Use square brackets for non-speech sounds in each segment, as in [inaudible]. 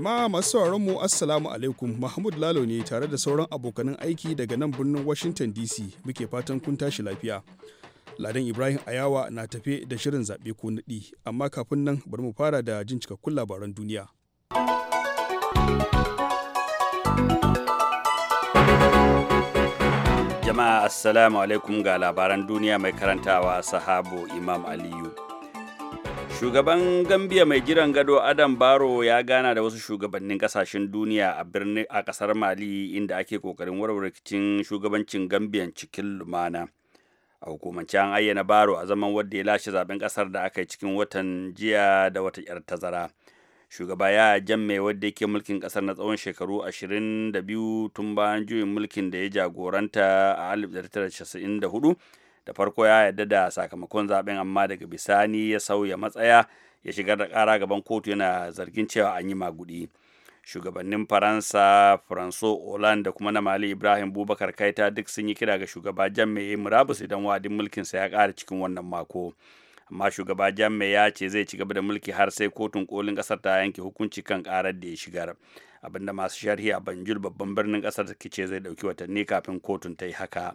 Jama'a masu sauraron mu Assalamu alaikum Mahmud Lalo ne tare da sauran abokanan aiki daga nan birnin Washington DC muke fatan kun tashi lafiya. Ladan Ibrahim Ayawa na tafe da shirin zaɓe ko naɗi amma kafin nan bari mu fara da jin cikakkun labaran duniya. Jama'a Assalamu alaikum ga labaran duniya mai karantawa sahabo Imam Aliyu. Shugaban Gambia mai jiran gado Adam Baro ya gana da wasu shugabannin kasashen duniya a birnin a ƙasar Mali inda ake kokarin warware rikicin shugabancin Gambia cikin lumana. A hukumance an ayyana Baro a zaman wadda ya lashe zaben ƙasar da aka yi cikin watan jiya da wata yar tazara. Shugaba ya mai wadda yake mulkin kasar na tsawon shekaru 22 tun bayan juyin mulkin da ya jagoranta a 1994 da farko ya yarda da sakamakon zaben amma daga bisani ya sauya matsaya ya shigar da kara gaban kotu yana zargin cewa an yi magudi shugabannin faransa franco hollande da kuma na mali ibrahim bubakar kaita duk sun yi kira ga shugaba jamme murabus idan wadin mulkin sa ya kara cikin wannan mako amma shugaba jamme ya ce zai ci gaba da mulki har sai kotun kolin kasar ta yanke hukunci kan karar da ya shigar abinda masu sharhi a banjul babban birnin kasar ke ce zai dauki watanni kafin kotun ta yi haka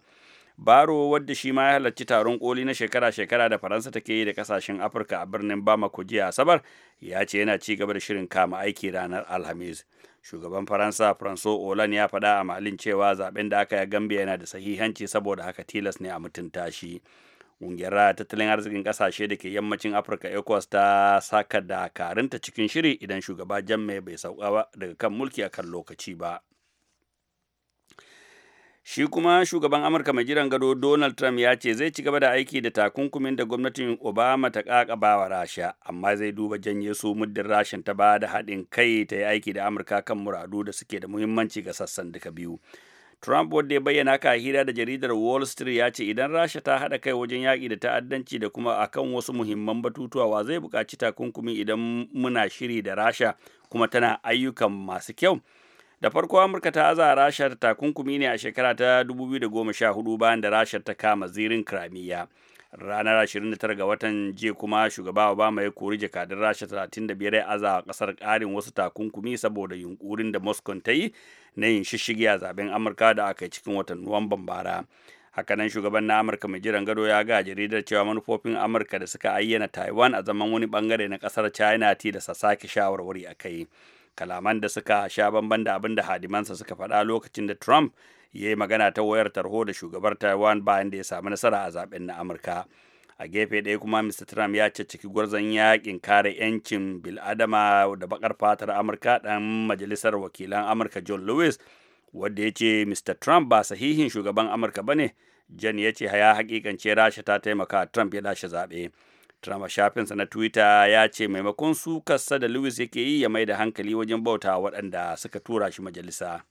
baro wadda shi ma ya halarci taron koli na shekara-shekara da faransa take yi da kasashen afirka a birnin bamako jiya asabar ya ce yana ci gaba da shirin kama aiki ranar alhamis shugaban faransa franco olan ya faɗa a malin cewa zaben da aka ya gambia yana da sahihanci saboda haka tilas ne a mutunta shi ƙungiyar tattalin arzikin ƙasashe da ke yammacin afirka ecos ta saka dakarunta cikin shiri idan shugaba jamme bai sauka daga kan mulki a kan lokaci ba Shi kuma shugaban Amurka mai jiran gado Donald Trump ya ce zai ci gaba da aiki da takunkumin da gwamnatin Obama ta ƙaƙabawa Rasha, amma zai duba janye su muddin Rashin ta ba da haɗin kai ta yi aiki da Amurka kan muradu da suke da muhimmanci ga sassan duka biyu. Trump wadda ya bayyana ka hira da jaridar Wall Street ya ce idan Rasha ta haɗa kai wajen yaƙi da ta'addanci da kuma akan wasu muhimman batutuwa wa zai buƙaci takunkumi idan muna shiri da Rasha kuma tana ayyukan masu kyau. da farko amurka ta aza rashar takunkumi ne a shekara ta 2014 bayan da rashar ta kama zirin kramiya ranar 29 ga watan jiya kuma shugaba obama ya kori jakadun rasha 35 ya aza a kasar karin wasu takunkumi saboda yunkurin da moscow ta yi na yin shishigi a zaben amurka da aka yi cikin watan nuwamban bara hakanan shugaban na amurka mai jiran gado ya ga jaridar cewa manufofin amurka da suka ayyana taiwan a zaman wani bangare na kasar china ti da sasaki shawarwari a kai kalaman da suka sha bamban da abin da hadimansa suka faɗa lokacin da Trump ya yi magana ta wayar tarho da shugabar Taiwan bayan da ya samu nasara a zaɓen na Amurka. A gefe ɗaya kuma Mr. Trump ya ciki gwarzon yaƙin kare 'yancin bil'adama da bakar fatar Amurka ɗan majalisar wakilan Amurka John Lewis wadda ya ce Mr. Trump ba sahihin shugaban Amurka ba ne. Jan ya ce ya haƙiƙance Rasha ta taimaka Trump ya lashe zaɓe. Trump a shafinsa na Twitter ya ce maimakon su sukarsa da Lewis yake yi ya mai da hankali wajen bauta waɗanda suka tura shi majalisa.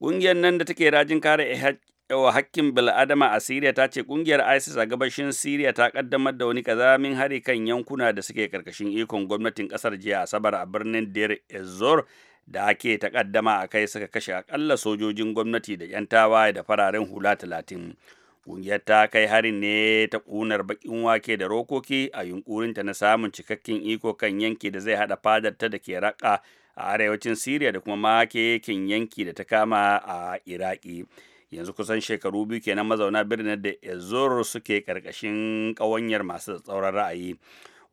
Ƙungiyar nan da take rajin kare wa hakkin bil'adama a Siriya ta ce ƙungiyar ISIS a gabashin Siriya ta ƙaddamar da wani ƙazamin hari kan yankuna da suke karkashin ikon gwamnatin ƙasar jiya Asabar a birnin Deir Ezzor da ake taƙaddama a kai suka kashe aƙalla sojojin gwamnati da 'yan tawaye da fararen hula talatin. Ƙungiyar ta kai harin ne ta ƙunar baƙin wake da rokoki a yunƙurinta na samun cikakken iko kan yanki da zai haɗa fadar ta da ke raƙa a arewacin Siriya da kuma makekin yanki da ta kama a Iraki. Yanzu kusan shekaru biyu kenan mazauna birnin da Ezor suke ƙarƙashin ƙawanyar masu tsauran ra'ayi.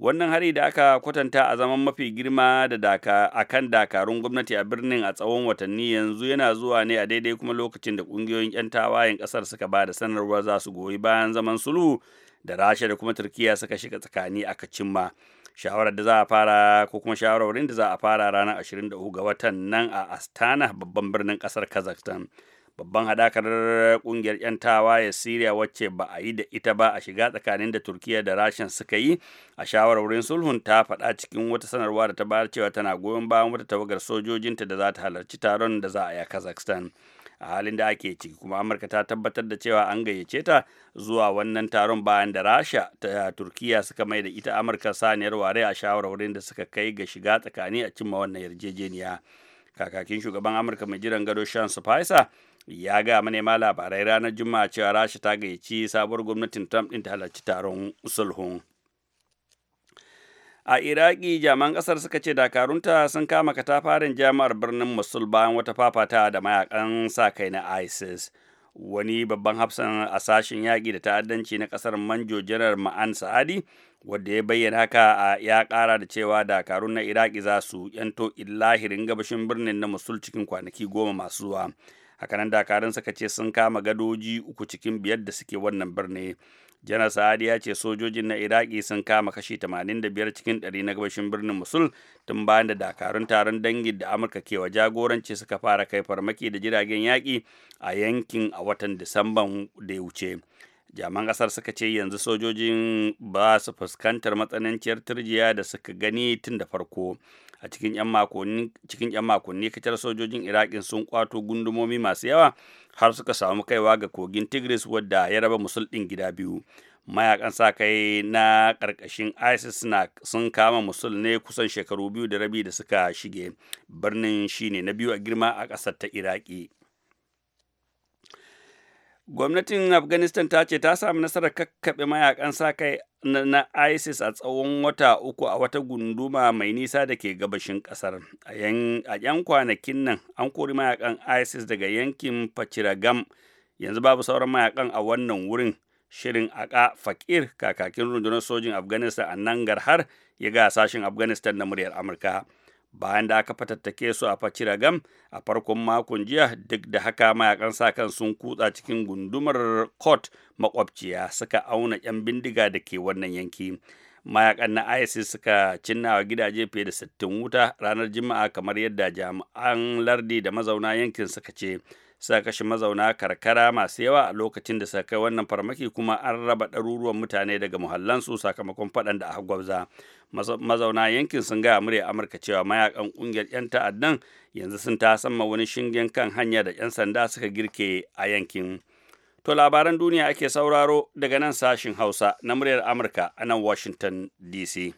wannan hari da aka kwatanta a zaman mafi girma da daka a kan dakarun gwamnati a birnin a tsawon watanni yanzu yana zuwa ne a daidai kuma lokacin da kungiyoyin 'yan tawayen kasar suka ba da sanarwar za su goyi bayan zaman sulhu da rasha da kuma turkiya suka shiga tsakani aka cimma shawarar da za a fara ko kuma shawarwarin da za a fara ranar 23 ga watan nan a astana babban birnin kasar kazakhstan babban hadakar kungiyar 'yan tawaye siriya wacce ba a yi da ita ba a shiga tsakanin da turkiya da rashin suka yi a shawarwarin sulhun ta faɗa cikin wata sanarwa da ta bayar cewa tana goyon bayan wata tawagar sojojinta da za ta halarci taron da za a yi a kazakhstan a halin da ake ciki kuma amurka ta tabbatar da cewa an gayyace ta zuwa wannan taron bayan da rasha ta turkiya suka mai da ita amurka saniyar ware a shawarwarin da suka kai ga shiga tsakani a cimma wannan yarjejeniya kakakin shugaban amurka mai jiran gado shan spicer ya ga manema labarai ranar juma'a cewa rasha ta gayyaci sabuwar gwamnatin trump ɗin ta halarci taron sulhun a iraki jami'an ƙasar suka ce dakarunta sun kama katafaren jami'ar birnin musul bayan wata fafata da mayakan sa kai na isis wani babban hafsan a sashen yaƙi da ta'addanci na ƙasar manjo janar ma'an sa'adi wadda ya bayyana haka ya ƙara da cewa dakarun na iraki za su yanto illahirin gabashin birnin na musul cikin kwanaki goma masu zuwa hakanan dakarun suka ce sun kama gadoji uku cikin biyar da suke wannan birni janar sa'adi ya ce sojojin na iraki sun kama kashi 85 cikin 100 na gabashin birnin musul tun bayan da dakarun taron dangi da amurka kewa jagoranci suka fara kai farmaki da jiragen yaƙi a yankin a watan disamban da ya wuce jaman ƙasar suka ce yanzu sojojin ba su fuskantar matsananciyar turjiya da suka gani tun da farko a cikin 'yan makonni cikin kacar sojojin iraƙin sun kwato gundumomi masu yawa har suka samu kaiwa ga kogin tigris wadda ya raba musul ɗin gida biyu mayakan sa kai na ƙarƙashin isis na sun kama musul ne kusan shekaru biyu da rabi da suka shige birnin shine na biyu a girma a ƙasar ta iraki gwamnatin afghanistan ta ce ta samu nasarar kakkaɓe mayakan sa kai na isis a tsawon wata uku a wata gunduma mai nisa da ke gabashin kasar a yan kwanakin nan an kori mayakan isis daga yankin pachiragam yanzu babu sauran mayakan a wannan wurin shirin aka fakir kakakin rundunar sojin afghanistan a nan garhar ya ga sashen afghanistan na muryar amurka bayan da aka fatattake su a Faciragam a farkon makon jiya duk da haka mayakan sa kan sun kutsa cikin gundumar court makwabciya suka auna 'yan bindiga da ke wannan yanki. Mayakan na ISIS suka cinnawa gidaje fiye da 60 wuta ranar Juma'a kamar yadda jami'an lardi da mazauna yankin suka ce. suka kashe mazauna karkara masu yawa a lokacin da suka kai wannan farmaki kuma an raba ɗaruruwan mutane daga muhallansu sakamakon faɗan da aka gwabza mazauna yankin sun gaya murya amurka cewa mayakan ƙungiyar 'yan ta'addan yanzu sun ta sama wani shingen kan hanya da 'yan sanda suka girke a yankin to labaran duniya ake sauraro daga nan sashin hausa na muryar amurka a nan washington dc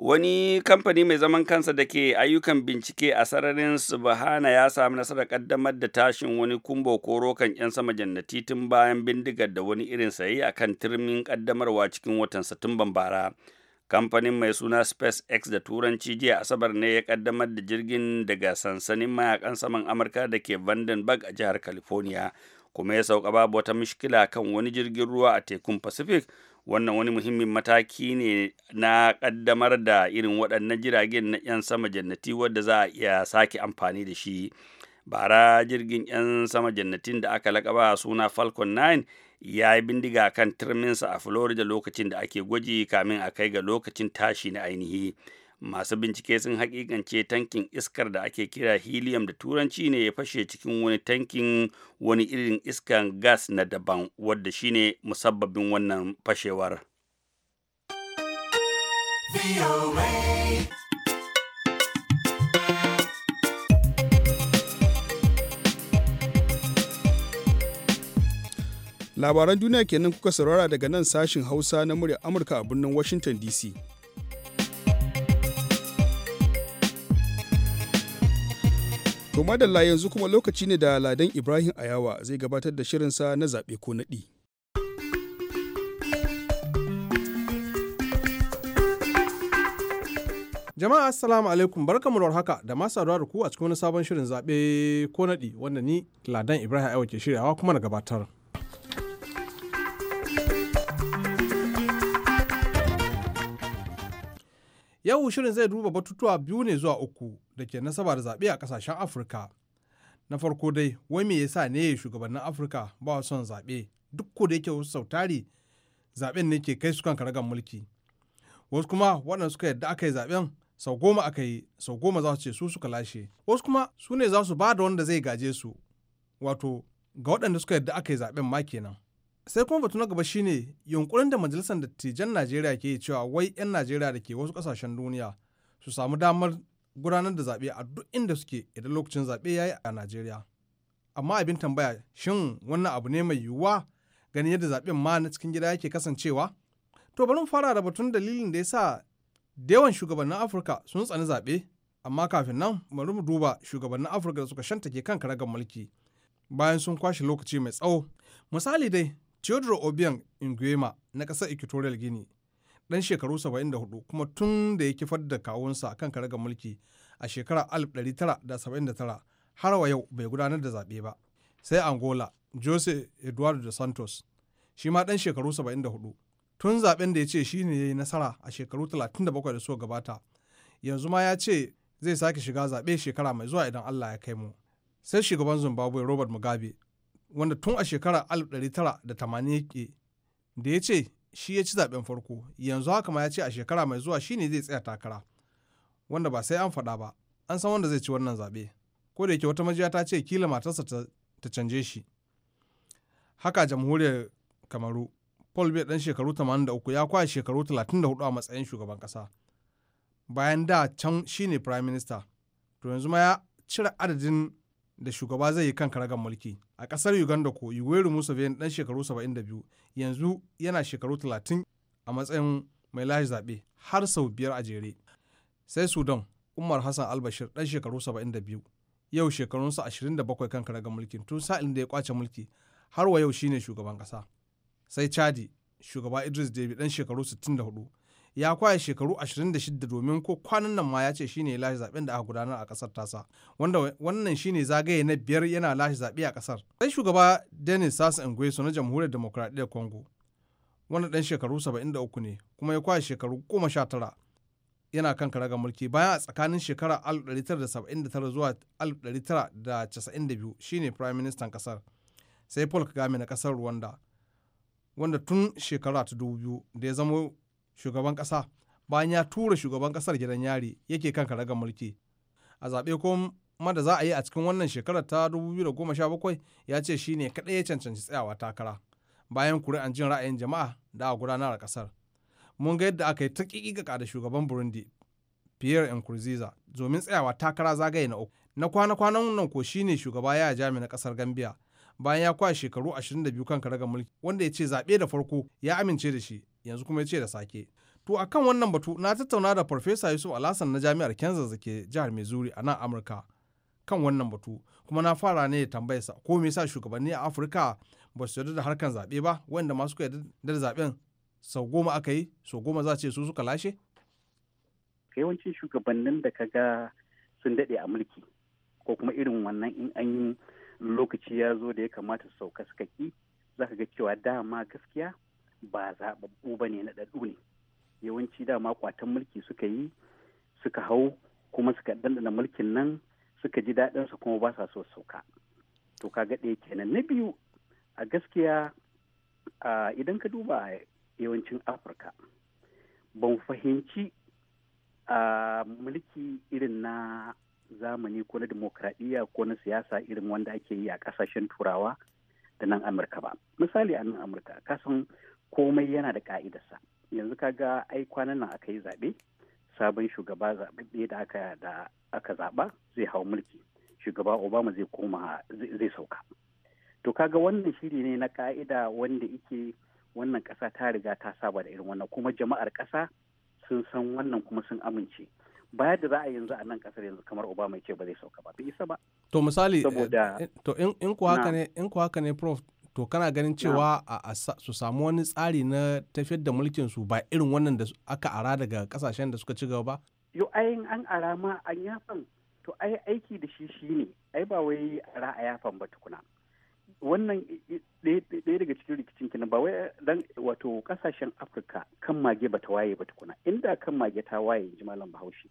Wani kamfani mai zaman kansa da ke ayyukan bincike a sararin Subhana ya sami nasarar kaddamar da tashin wani kumbo ko rokan 'yan sama jannati tun bayan bindigar da wani irin sayi a kan turmin kaddamarwa cikin watan Satumban bara. Kamfanin mai suna SpaceX da Turanci jiya Asabar ne ya kaddamar da jirgin daga sansanin mayakan saman Amurka da ke Vandenberg a jihar California, kuma ya sauka babu wata mishkila kan wani jirgin ruwa a tekun Pacific. wannan wani muhimmin mataki ne na ƙaddamar da irin waɗannan jiragen na 'yan sama jannati wadda za a iya sake amfani da shi bara jirgin 'yan sama jannatin da aka lakaba suna falcon 9 ya yi bindiga kan turminsa a florida lokacin da ake gwaji kamin a kai ga lokacin tashi na ainihi masu bincike sun hakikance tankin iskar da ake kira helium da turanci ne ya fashe cikin wani tankin wani irin iskan gas na daban wadda shine musabbabin wannan fashewar labaran duniya kenan kuka saurara daga nan sashin hausa na murya amurka a birnin washington dc To madalla yanzu kuma lokaci ne da Ladan Ibrahim Ayawa zai gabatar da shirinsa na zabe ko naɗi. Jama'a Assalamu alaikum barkamu da haka da masu da ku a cikin wani sabon shirin zabe ko naɗi wanda ni Ladan Ibrahim Ayawa ke shiryawa kuma na gabatar. Yau shirin zai duba batutuwa biyu ne zuwa uku da ke nasaba da zaɓe a ƙasashen afirka na farko dai wai me yasa ne shugabannin afirka ba son zaɓe duk ko da yake wasu sautari zaɓen ne ke kai sukan kan karagar mulki wasu kuma waɗanda suka yarda aka yi zaɓen sau goma aka yi sau goma za su ce su suka lashe wasu kuma su ne za su ba da wanda zai gaje su wato ga waɗanda suka yarda aka yi zaɓen ma kenan sai kuma batu na gaba shine yunkurin da majalisar dattijan najeriya ke cewa wai 'yan najeriya da ke wasu kasashen duniya su samu damar gudanar da zaɓe a duk inda suke idan lokacin zaɓe ya yi a Najeriya. Amma abin tambaya shin wannan abu ne mai yiwuwa ganin yadda zaɓen ma na cikin gida yake kasancewa? To bari mu fara da batun dalilin da ya sa da yawan shugabannin Afirka sun tsani zaɓe, amma kafin nan bari mu duba shugabannin Afirka da suka ke kan karagar mulki bayan sun kwashe lokaci mai tsawo. Misali dai, Theodore Obiang Nguema na ƙasar Equatorial Guinea dan shekaru 74 kuma tun da ya kifar da kawunsa kan karagar mulki a shekara 1979 har wa yau bai gudanar da zaɓe ba sai angola jose eduardo de santos shi ma dan shekaru 74 tun zaɓen da ya ce shi ne ya yi nasara a shekaru 37 da suka gabata yanzu ma ya ce zai sake shiga zaɓe shekara mai zuwa idan allah ya kai mu sai shugaban zimbabwe robert mugabe wanda tun a shekara 1980 yake da ya ce shi ya ci zaben farko yanzu haka ma ya ce a shekara mai zuwa shine zai tsaya takara wanda ba sai an faɗa ba an san wanda zai ci wannan zaɓe ko da yake wata majiya ta ce kila matarsa ta canje shi haka jamhuriyar kamaru paul bai dan shekaru 83 ya kwaya shekaru 34 a matsayin shugaban kasa bayan da can shine prime minister to yanzu ma ya cire adadin da shugaba zai yi kan karagar mulki a kasar uganda ko musa museveni dan shekaru 72 yanzu yana shekaru 30 a matsayin mai lashe zaɓe har sau biyar a jere sai sudan umar hassan albashir dan shekaru 72 yau shekarunsa 27 kan karagar mulkin tun sa'in da ya kwace mulki har wa yau shine shugaban kasa sai chadi shugaba idris debi dan shekaru 64 ya kwaya shekaru 26 domin ko kwanan nan ma ya ce shine ya lashe zaben da aka gudanar a kasar tasa wanda wannan shine zagaye na biyar yana lashe zaɓe a kasar sai shugaba denis sassa nguesso na jamhuriyar demokuraɗiyyar congo wanda ɗan shekaru 73 ne kuma ya kwaya shekaru 19 yana kan karaga mulki bayan a tsakanin shekara 1979 zuwa 1992 shine prime minister kasar sai paul kagame na kasar rwanda wanda tun shekara ta 2000 da ya zama shugaban ƙasa bayan ya tura shugaban ƙasar gidan yari yake kan karagar mulki a zaɓe kuma da za a yi a cikin wannan shekarar ta 2017 ya ce shi ne kaɗai ya cancanci tsayawa takara bayan kuri'an jin ra'ayin jama'a da a gudanar a ƙasar mun ga yadda aka yi ta ƙiƙiƙa da shugaban burundi pierre nkurunziza domin tsayawa takara zagaye na uku na kwana-kwanan nan ko ne shugaba ya jami na ƙasar gambia bayan ya kwa shekaru 22 kan karagar mulki wanda ya ce zaɓe da farko ya amince da shi yanzu kuma ya ce da sake to a kan wannan batu na tattauna da farfesa yusuf alasan na jami'ar kansas da ke jihar missouri a nan amurka kan wannan batu kuma na fara ne tambayarsa ko me yasa shugabanni a afirka ba su yarda da harkan zaɓe ba wanda masu kai yarda da zaɓen sau goma aka yi sau goma za ce su suka lashe yawancin shugabannin da ka ga sun daɗe a mulki ko kuma irin wannan in an yi lokaci ya zo da ya kamata su sauka suka ki za ka ga cewa dama gaskiya ba zaɓaɓɓu ba ne naɗaɗɗu ne yawanci dama kwatan mulki suka yi suka hau kuma suka ɗanɗana mulkin nan suka ji daɗin su kuma ba sa so sauka to kaga ɗaya kenan na biyu a gaskiya idan ka duba yawancin afirka ban fahimci mulki irin na zamani ko na demokradiyya ko na siyasa irin wanda ake yi a ƙasashen turawa da nan amurka ba misali a nan amurka kasan komai yana da ka'idarsa yanzu kaga ai kwanan nan aka yi zaɓe sabon shugaba zaɓaɓɓe da aka da aka zaɓa zai hau mulki shugaba obama zai koma zai sauka to kaga wannan shiri ne na ka'ida wanda ike wannan ƙasa ta riga ta saba da irin wannan kuma jama'ar ƙasa sun san wannan kuma sun amince baya da za a yanzu a nan ƙasar yanzu kamar obama ya ce ba zai sauka ba bai isa ba to misali saboda eh, eh, to in ku haka ne in ku haka ne prof to kana ganin cewa su samu wani tsari na tafiyar da mulkin su ba irin wannan da aka ara daga kasashen da suka ci gaba ba yo ayin an ara ma an yafan to ai aiki da shi shine ai ba wai ara a yafan ba tukuna wannan ɗaya daga cikin rikicin kina ba wai dan wato kasashen afirka kan mage ba ta waye ba tukuna inda kan mage ta waye ji malam bahaushe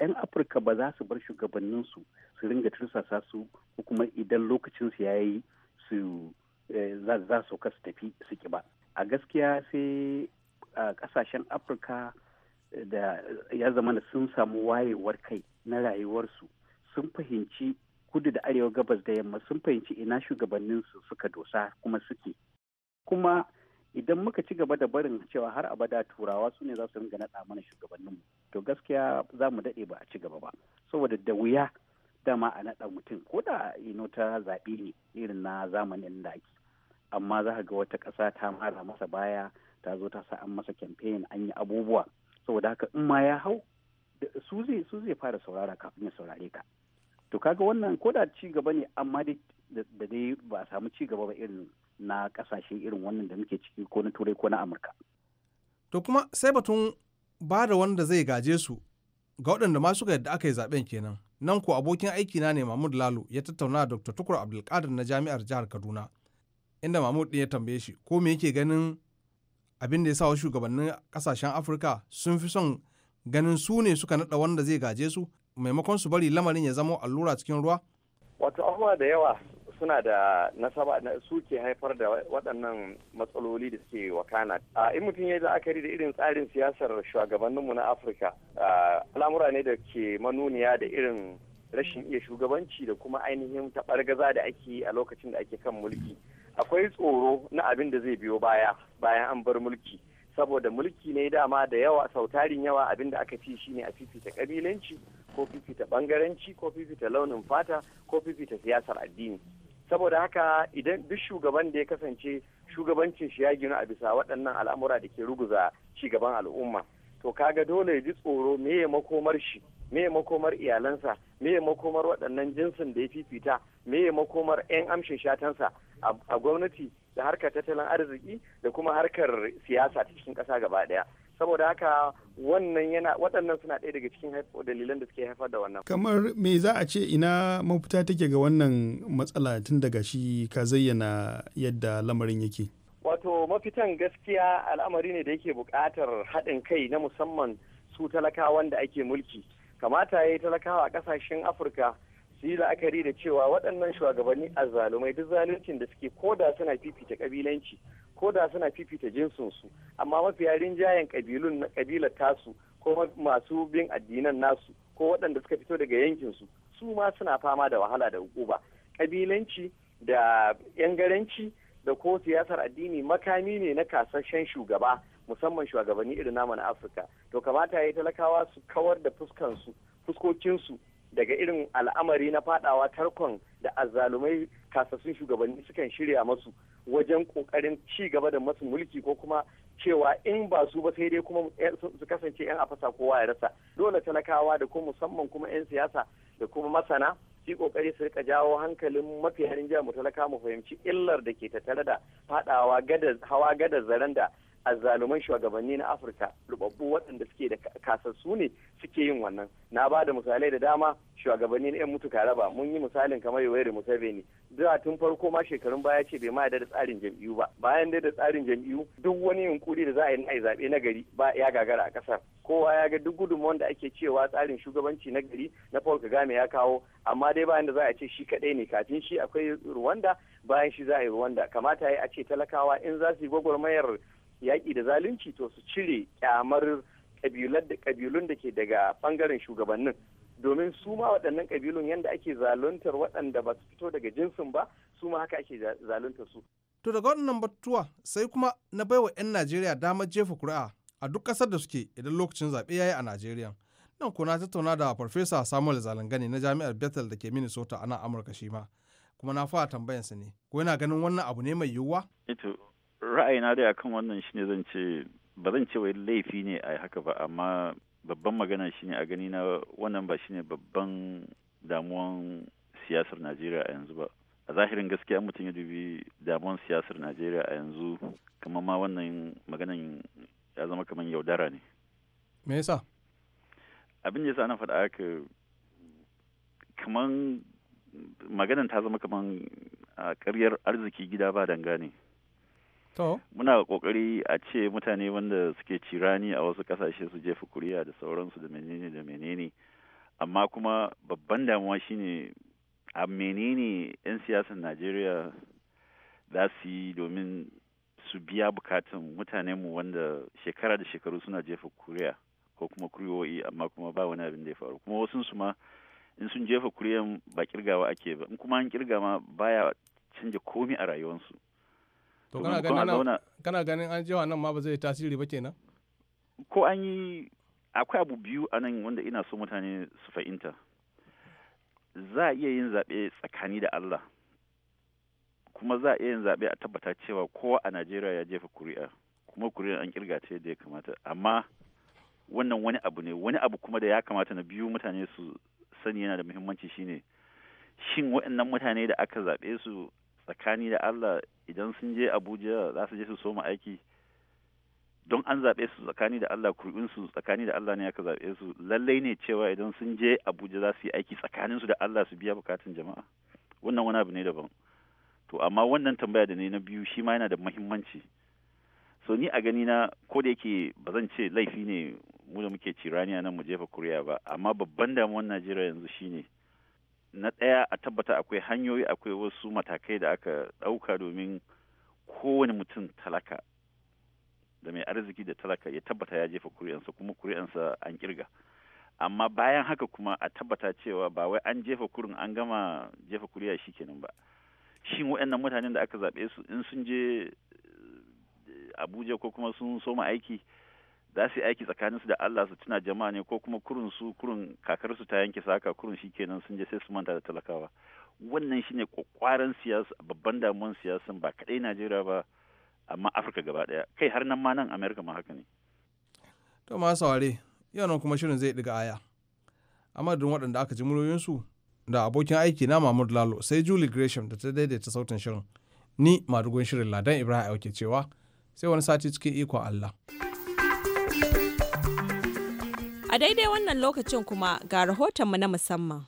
yan afirka ba za su bar shugabanninsu su ringa tursasa su ko kuma idan lokacinsu ya yi su Eh, za su kasu tafi su ba a gaskiya sai a kasashen afirka eh, da ya zama da sun samu wayewar kai na rayuwarsu sun fahimci kudu da arewa gabas da yamma sun fahimci ina shugabanninsu suka dosa kuma suke kuma idan muka ci gaba da barin cewa har abada turawa su ne za su ringa naɗa mana shugabanninmu to gaskiya za mu daɗe ba a ci gaba ba saboda da wuya dama a naɗa mutum ko da ino ta zaɓe ne irin na zamanin da ake amma za ka ga wata ƙasa ta mara masa baya ta zo ta sa an masa campaign an yi abubuwa saboda haka in ma ya hau su zai su zai fara saurara kafin ya saurare ka to kaga wannan ko da ci gaba ne amma da dai ba a samu ci gaba ba irin na kasashe irin wannan da muke ciki ko na turai ko na amurka to kuma sai batun ba da wanda zai gaje su ga waɗanda masu suka yadda aka yi zaben kenan nan ko abokin aiki na ne mahmud lalo ya tattauna dr tukur abdulkadir na jami'ar jihar kaduna inda mahmud ya tambaye shi ko me yake ganin abin da ya sa wa shugabannin kasashen afirka sun fi son ganin su ne suka naɗa wanda zai gaje su maimakon su bari lamarin ya zama allura cikin ruwa wato abubuwa da yawa suna da nasaba su ke haifar da waɗannan matsaloli da suke wakana a in mutum ya yi la'akari da irin tsarin siyasar shugabanninmu na afirka al'amura ne da ke manuniya da irin rashin iya shugabanci da kuma ainihin taɓargaza da ake yi a lokacin da ake kan mulki akwai tsoro na abin da zai biyo baya bayan an bar mulki saboda mulki ne dama da yawa sautarin yawa abin da aka ci shine a fifita kabilanci ko fifita bangaranci ko fifita launin fata ko fifita siyasar addini saboda haka idan duk shugaban da ya kasance shugabancin shi ya ginu a bisa waɗannan al'amura da ke ruguza shugaban al'umma to kaga dole ya ji tsoro me ya makomar shi me ya makomar iyalansa me ya makomar waɗannan jinsin da ya fifita me ya makomar 'yan amshin shatansa a gwamnati da harkar tattalin arziki da kuma harkar siyasa ta cikin ƙasa gaba ɗaya saboda haka wannan yana waɗannan suna ɗaya daga cikin dalilan da suke haifar da wannan kamar me za a ce ina mafita take ga wannan matsala tun daga shi ka zayyana yadda lamarin yake wato mafitan gaskiya al'amari ne da yake buƙatar haɗin kai na musamman su talakawan da ake mulki kamata ya yi talakawa a ƙasashen afirka su yi la'akari da cewa waɗannan shugabanni a zalumai duk zaluncin da suke ko da suna fifita kabilanci da suna fifita jinsinsu amma mafi yarin rinjayen kabilun na kabilar tasu ko masu bin addinan nasu ko waɗanda suka fito daga yankinsu su ma suna fama da wahala da hukuma kabilanci da yangaranci da ko siyasar addini makami ne na kasashen shugaba musamman shugabanni irin namu na afirka to kamata ya yi talakawa su kawar da fuskansu fuskokinsu daga irin al'amari na fadawa tarkon da azzalumai kasassun shugabanni sukan shirya masu wajen kokarin ci gaba da masu mulki ko kuma cewa in ba su ba sai dai kuma su kasance yan afasa kowa ya rasa dole talakawa da kuma musamman kuma yan siyasa da kuma masana su kokari su rika jawo hankalin mafiyarin jihar mu talaka mu fahimci illar da ke tattare da fadawa hawa gada zaren da azzaluman shugabanni na afirka rubabbu waɗanda suke da kasassu ne suke yin wannan na ba da misalai da dama shugabanni na 'yan mutuka raba mun yi misalin kamar yoweri museveni da tun farko ma shekarun baya ce bai ma da tsarin jam'iyyu ba bayan dai da tsarin jam'iyyu duk wani yunkuri da za a yi na zaɓe na gari ba ya gagara a ƙasar kowa ya ga duk gudunmawar da ake cewa tsarin shugabanci na gari na paul kagame ya kawo amma dai bayan da za a ce shi kaɗai ne kafin shi akwai ruwanda bayan shi za a yi ruwanda kamata ya a ce talakawa in za su yi gwagwarmayar yaƙi da zalunci to su cire kyamar ƙabilun da ke daga ɓangaren shugabannin domin su ma waɗannan kabilun yadda ake zaluntar waɗanda ba su fito daga jinsin ba su ma haka ake zaluntar su. To daga waɗannan batutuwa sai kuma na baiwa 'yan Najeriya damar jefa kuri'a a duk ƙasar da suke idan lokacin zaɓe ya yi a Najeriya. Nan kuna tattauna da Farfesa Samuel Zalangani na Jami'ar betel da ke Minnesota a nan Amurka shi ma. Kuma na fara tambayansa ne, ko yana ganin wannan abu ne mai yiwuwa? Eh ra'ayina dai akan wannan shine zan ce ba zan ce wai laifi ne a haka ba amma babban magana shine a gani na wannan ba shine babban damuwan siyasar Najeriya a yanzu ba a zahirin gaskiya mutum ya dubi damuwan siyasar Najeriya a yanzu kamar ma wannan maganan ya zama kamar yaudara ne me yasa abin da yasa na faɗa haka kamar maganan ta zama kamar a ah, karyar arziki gida ba dangane muna kokari a ce mutane wanda suke cirani a wasu kasashe su jefa kuriya da sauransu da menene da menene amma kuma babban damuwa shine a menene 'yan siyasar najeriya za su yi domin su biya bukatun mutanenmu wanda shekara da shekaru suna jefa kuriya ko kuma kuriyoyi amma kuma ba wani abin da ya faru kuma wasu su ma in sun jefa kuriyan ba kirgawa ake ba in kuma an kirga ma baya canja komi a rayuwarsu to kana ganin an jawa nan ma ba zai tasiri ba kenan ko an yi akwai abu biyu a nan wanda ina so mutane su fahimta za a iya yin zaɓe tsakani da Allah kuma za a iya yin zaɓe a tabbata cewa kowa a Najeriya ya jefa kuri'a kuma kuri'a an kirga ta yadda ya kamata amma wannan wani abu ne wani abu kuma da ya kamata na biyu mutane su sani yana da muhimmanci shine shin waɗannan mutane da aka zaɓe su tsakani da Allah idan sun je Abuja za su je su soma aiki don an zaɓe su tsakani da Allah su tsakani da Allah ne aka zaɓe su lallai ne cewa idan sun je Abuja za su yi aiki tsakaninsu da Allah su biya bukatun jama'a wannan wani abu ne daban to amma wannan tambaya da ne na biyu shi ma yana da muhimmanci so ni a gani na ko da yake ba zan ce laifi ne mu da muke ciraniya nan mu jefa kuriya ba amma babban damuwar Najeriya yanzu shine na ɗaya a tabbata akwai hanyoyi akwai wasu matakai da aka ɗauka domin kowane mutum talaka da mai arziki da talaka ya tabbata ya jefa kuri'ansa kuma kuri'ansa an kirga amma bayan haka kuma a tabbata cewa ba wai an jefa kurin an gama jefa kuri'a kenan ba shin waɗannan mutanen da aka zaɓe su in sun je eh, abuja ko kuma sun soma aiki za su yi aiki tsakaninsu da Allah su tuna jama'a ne ko kuma kurun su kurun kakarsu ta yanke saka kurun shi kenan sun je sai su manta da talakawa wannan shine kwakwaran siyasa babban damuwan siyasan ba kadai Najeriya ba amma Afirka gaba daya kai har nan ma nan America ma haka ne to ma saware yau nan kuma shirin zai diga aya amma don waɗanda aka ji su da abokin aiki na Mahmud Lalo sai Julie Gresham da ta daidaita sautin shirin ni madugon shirin Ladan Ibrahim ake cewa sai wani sati cikin ikon Allah. daidai wannan lokacin kuma ga rahotonmu na musamman.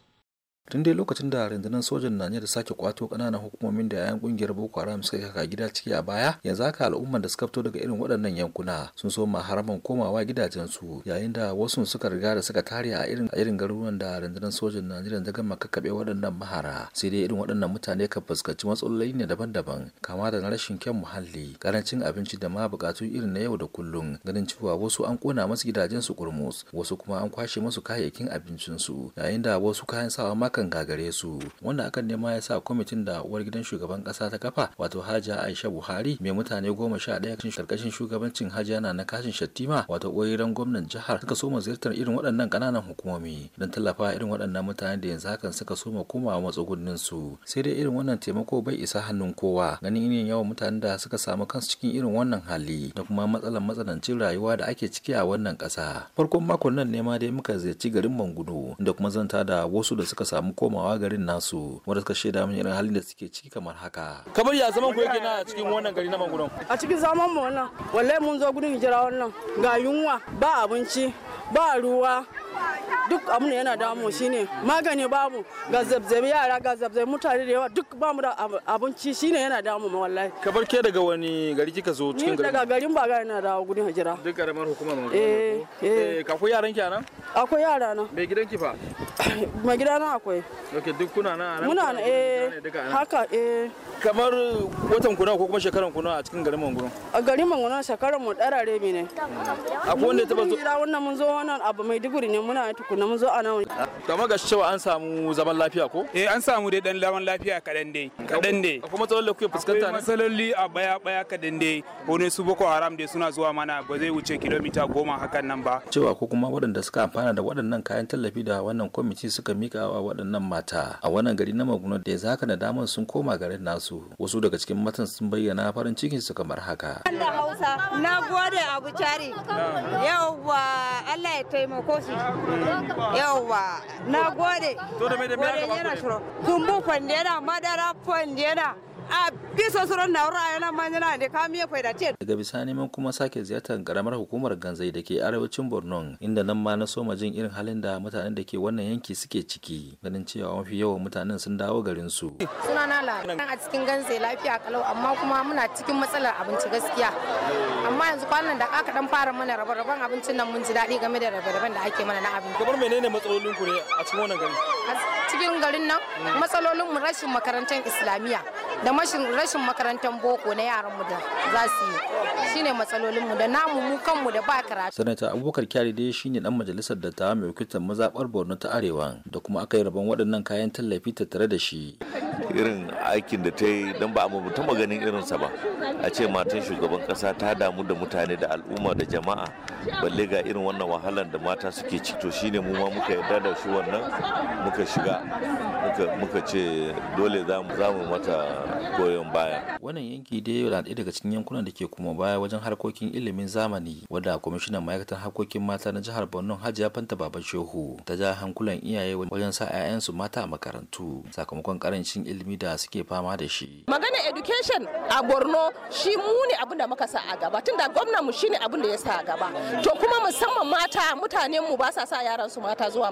tun dai lokacin da rundunar sojan na da sake kwato kananan hukumomin da yayan kungiyar boko haram suka kaka gida ciki a baya yanzu haka al'ummar da suka fito daga irin waɗannan yankuna sun so ma haraman komawa gidajensu yayin da wasu suka riga da suka tare a irin a irin garuruwan da rundunar sojan na najeriya ta gama kakkaɓe waɗannan mahara sai dai irin waɗannan mutane kan fuskanci matsaloli ne daban-daban kama da na rashin kyan muhalli karancin abinci da ma bukatu irin na yau da kullum ganin cewa wasu an kona masu gidajensu kurmus wasu kuma an kwashe masu kayayyakin abincinsu yayin da wasu kayan sawa maka kan gagare su wanda akan nema ya sa kwamitin da uwar gidan shugaban kasa ta kafa wato hajiya aisha buhari mai mutane goma sha ɗaya karkashin shugabancin hajiya na na kashin shattima wato ƙoyiran gwamnan jihar suka soma ziyartar irin waɗannan ƙananan hukumomi don tallafa irin waɗannan mutane da yanzu hakan suka soma komawa matsugunnin su sai dai irin wannan taimako bai isa hannun kowa ganin irin yawan mutane da suka samu kansu cikin irin wannan hali da kuma matsalan matsanancin rayuwa da ake ciki a wannan ƙasa farkon makon nan ne ma dai muka ziyarci garin mangudu da kuma zanta da wasu da suka samu samu komawa garin nasu wanda suka shaida min irin halin da suke ciki kamar haka kamar ya zaman ku yake na cikin wannan gari na magudan. a cikin zaman mu wannan wallahi mun zo gudun hijira wannan ga yunwa ba abinci ba ruwa duk abin yana damu shine magani babu ga zabzabi yara ga zabzabi mutane da yawa duk bamu da abinci shine yana damu ma wallahi kabar ke daga wani gari kika zo cikin gari daga garin baga yana da gudun hijira duk karamar hukumar mu eh eh, eh ku yaran ki anan akwai yara na mai gidan ki fa [coughs] mai gida na akwai okay duk kuna na anan muna eh haka eh kamar watan kuna ko kuma shekaran kuna a cikin garin mangoro. a garin Manguno shekaran mu darare ne akwai wanda ta bazo wannan mun zo wannan abu mai duguri ne ne muna tukuna mun zo a nan. amma gashi cewa an samu zaman lafiya ko? Eh an samu dai dan zaman lafiya kadan dai. Kadan dai. Akwai matsalolin da kuke fuskanta ne? Matsaloli a baya baya kadan dai. Wani su Boko Haram dai suna zuwa mana ba zai wuce kilomita goma hakan nan ba. Cewa ko kuma waɗanda suka amfana da waɗannan kayan tallafi da wannan kwamiti suka mika wa waɗannan mata a wannan gari na Maguna da yanzu zaka da daman sun koma garin nasu. Wasu daga cikin matan sun bayyana farin cikin su kamar haka. Allah Hausa na gode Abu Cari. Yawwa Allah ya taimako shi. Yawwa, na gode. To da mai da mai aka ba ku. Tumbu fandena, madara fandena. a su suron na wura yana manjana da kamiya faida ce daga bisa neman kuma sake ziyartar karamar hukumar ganzai da ke arewacin borno inda nan ma na so ma jin irin halin da mutanen da ke wannan yanki suke ciki ganin cewa mafi yawan mutanen sun dawo garin su suna na lafiya a cikin ganzai lafiya kalau amma kuma muna cikin matsalar abinci gaskiya amma yanzu kwanan da aka dan fara mana rabe-raben abincin nan mun ji daɗi game da rabe-raben da ake mana na abinci kamar menene matsalolin ku ne a cikin wannan gari a cikin garin nan mm. matsalolin mu rashin makarantar islamiyya da rashin makarantar boko na yaran mu da za su yi shine matsalolin mu da namu mu kanmu da ba karatu sanata abubakar kyari dai shine dan majalisar da ta mai wakiltar mazabar borno ta arewa da kuma aka yi rabon waɗannan kayan tallafi ta tare da shi irin aikin da ta yi don ba a ta maganin irinsa ba a ce matan shugaban kasa ta damu da mutane da al'umma da jama'a balle ga irin wannan wahalar da mata suke ci to shine mu ma muka yarda da shi wannan muka shiga muka ce dole za mu mata goyon baya wannan yanki dai yana ɗaya daga cikin yankunan da ke kuma baya wajen harkokin ilimin zamani wadda kwamishinan ma'aikatar harkokin mata na jihar borno hajiya fanta baban shehu ta ja hankulan iyaye wajen sa 'ya'yansu mata a makarantu sakamakon karancin ilimi da suke fama da shi magana education a borno shi mu ne abin da muka sa a gaba tun da gwamnan mu shine abin da ya sa a gaba to kuma musamman mata mutanen mu ba sa sa yaran su mata zuwa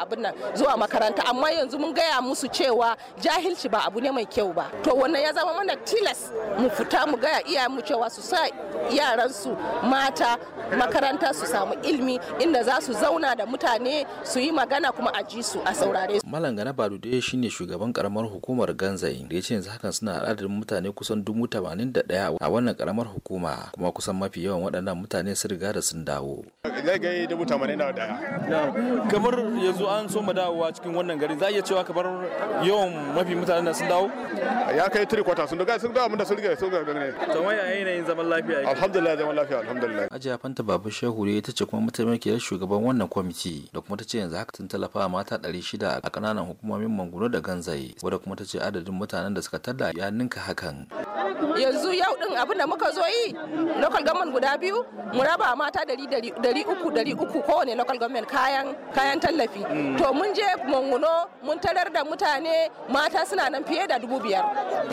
abin nan zuwa makaranta amma yanzu mun gaya musu cewa jahilci ba abu ne mai kyau ba to wannan ya zama mana tilas mu fita mu gaya iyayen mu cewa su sa yaransu mata makaranta su samu ilmi inda za su zauna da mutane su yi magana kuma a ji su a saurare su. Malam Gana Badude shine shugaban karamar hukumar Ganzai da ya ce yanzu hakan suna al'adar mutane kusan dubu tamanin da ɗaya a wannan karamar hukuma kuma kusan mafi yawan waɗannan mutane sun riga da sun dawo. Zai dubu tamanin da ɗaya. Kamar yanzu an so mu dawowa cikin wannan gari za a iya cewa kamar yawan mafi mutanen da sun dawo. Ya kai turi kwata sun daga sun dawo mun da sun riga sun ga gane. Kamar yayin zaman lafiya. Alhamdulillah zaman lafiya alhamdulillah. Ajiya fanta ta Baba Shehu ne ita ce kuma mataimakiyar shugaban wannan kwamiti da kuma ta ce yanzu haka tun tallafa mata ɗari shida a ƙananan hukumomin Manguno da Ganzaye wadda kuma ta ce adadin mutanen da suka tada ya ninka hakan. yanzu yau din abin da muka zo yi local government guda biyu mu raba mata dari uku dari uku kowane local government kayan kayan tallafi mm. to mun je manguno mun tarar da mutane mata suna nan fiye da dubu biyar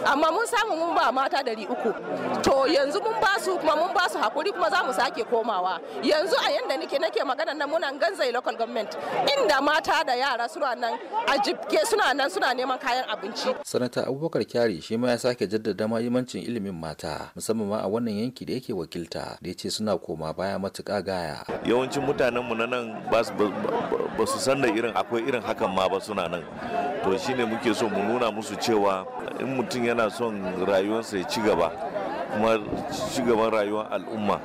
amma mun samu mun ba mata dari uku to yanzu mun ba su kuma mun ba su hakuri kuma za mu sake koma komawa yanzu a yanda nake nake magana nan muna ganzai local government inda mata da yara suna nan a jibge suna nan suna neman kayan abinci sanata abubakar kyari shi ma ya sake jaddada mahimmancin ilimin mata musamman ma a wannan yanki da yake wakilta da ya ce suna koma baya matuƙa gaya yawancin mutanen mu na nan ba su san da irin akwai irin hakan ma ba suna nan to shine muke so mu nuna musu cewa in mutum yana son rayuwarsa ya ci gaba kuma ci gaban rayuwar al'umma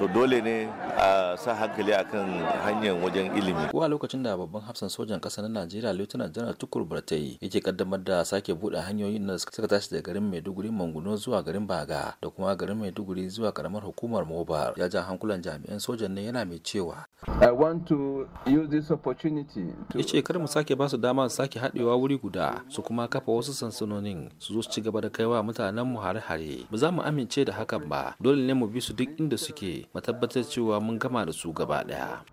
تو دولے نے a sa hankali a kan hanyar wajen ilimi. kowa lokacin da babban hafsan sojan ƙasa na Najeriya Lieutenant General Tukur bartai yake kaddamar da sake buɗe hanyoyin da suka tashi daga garin Maiduguri Manguno zuwa garin Baga da kuma garin Maiduguri zuwa karamar hukumar Mobar ya ja hankulan jami'an sojan ne yana mai cewa. I want to use this opportunity to yace kar mu sake ba su dama su sake haɗewa wuri guda su kuma kafa wasu sansanonin su zo su ci gaba da kaiwa mutanen mu hare-hare. Ba za mu amince da hakan ba dole ne mu bi su duk inda suke mu tabbatar cewa mun gama da su gaba ɗaya.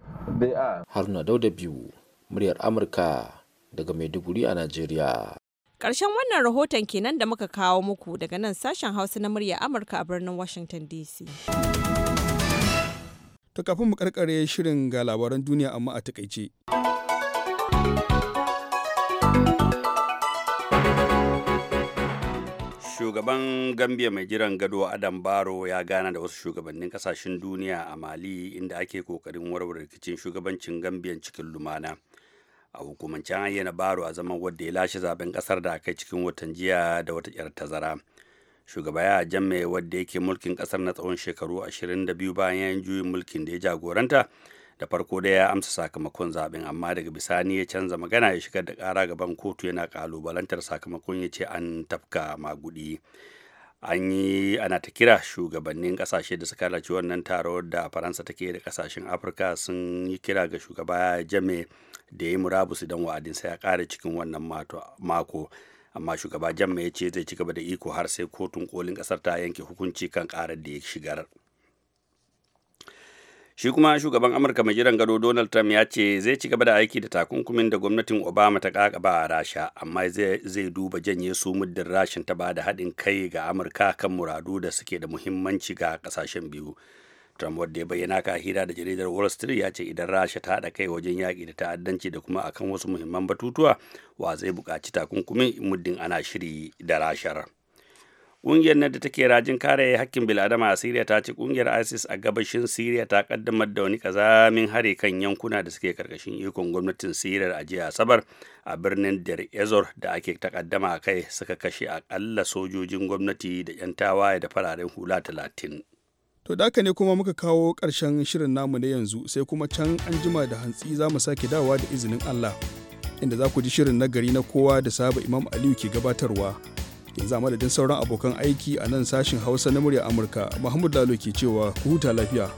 Haruna Dauda biyu, muryar Amurka daga Maiduguri a Najeriya. Ƙarshen wannan rahoton kenan da muka kawo muku daga nan sashen Hausa na muryar Amurka a birnin Washington DC. ta kafin mu karkare shirin ga labaran duniya amma a takaice. shugaban gambia mai jiran gado adam baro ya gana da wasu shugabannin kasashen duniya a mali inda ake kokarin warware rikicin shugabancin gambia cikin lumana a hukumance an ayyana baro a zaman wadda ya lashe zaben kasar da aka cikin watan jiya da wata yar tazara shugaba ya jamme wadda yake mulkin kasar na tsawon shekaru 22 bayan juyin mulkin da ya jagoranta da farko da ya amsa sakamakon zaɓen amma daga bisani ya canza magana ya shigar da ƙara gaban kotu yana ƙalubalantar sakamakon ya ce an tafka magudi an yi ana ta kira shugabannin kasashe da suka halarci wannan taro da faransa take da kasashen afirka sun yi kira ga shugaba jame da ya murabus idan wa'adinsa ya kare cikin wannan mako amma shugaba jame ya ce zai ci gaba da iko har sai kotun kolin ƙasar ta yanke hukunci kan karar da ya shigar shi kuma shugaban amurka mai jiran gado donald trump ya ce zai ci gaba da aiki da takunkumin da gwamnatin obama ta kakaba a rasha amma zai duba janye su muddin rashin ta bada haɗin kai ga amurka kan muradu da suke da muhimmanci ga ƙasashen biyu trump wadda ya bayyana ka hira da jaridar wall street ya ce idan rasha ta haɗa kai wajen yaƙi da ta'addanci da kuma akan wasu muhimman batutuwa wa zai buƙaci takunkumin muddin ana shiri da rashar. Ƙungiyar nan da take rajin kare hakkin bil'adama a Siriya ta ce ƙungiyar ISIS a gabashin Siriya ta kaddamar da wani kazamin hare kan yankuna da suke karkashin ikon gwamnatin Siriya a jiya Asabar a birnin Der Ezor da ake takaddama a kai suka kashe akalla sojojin gwamnati da 'yan tawaye da fararen hula talatin. To da ne kuma muka kawo karshen shirin namu na yanzu sai kuma can an jima da hantsi za mu sake dawa da izinin Allah inda za ku ji shirin nagari na kowa da saba Imam Aliyu ke gabatarwa. za a madadin sauran abokan aiki a nan sashin hausa na murya amurka mahmud lalo ke cewa ku huta lafiya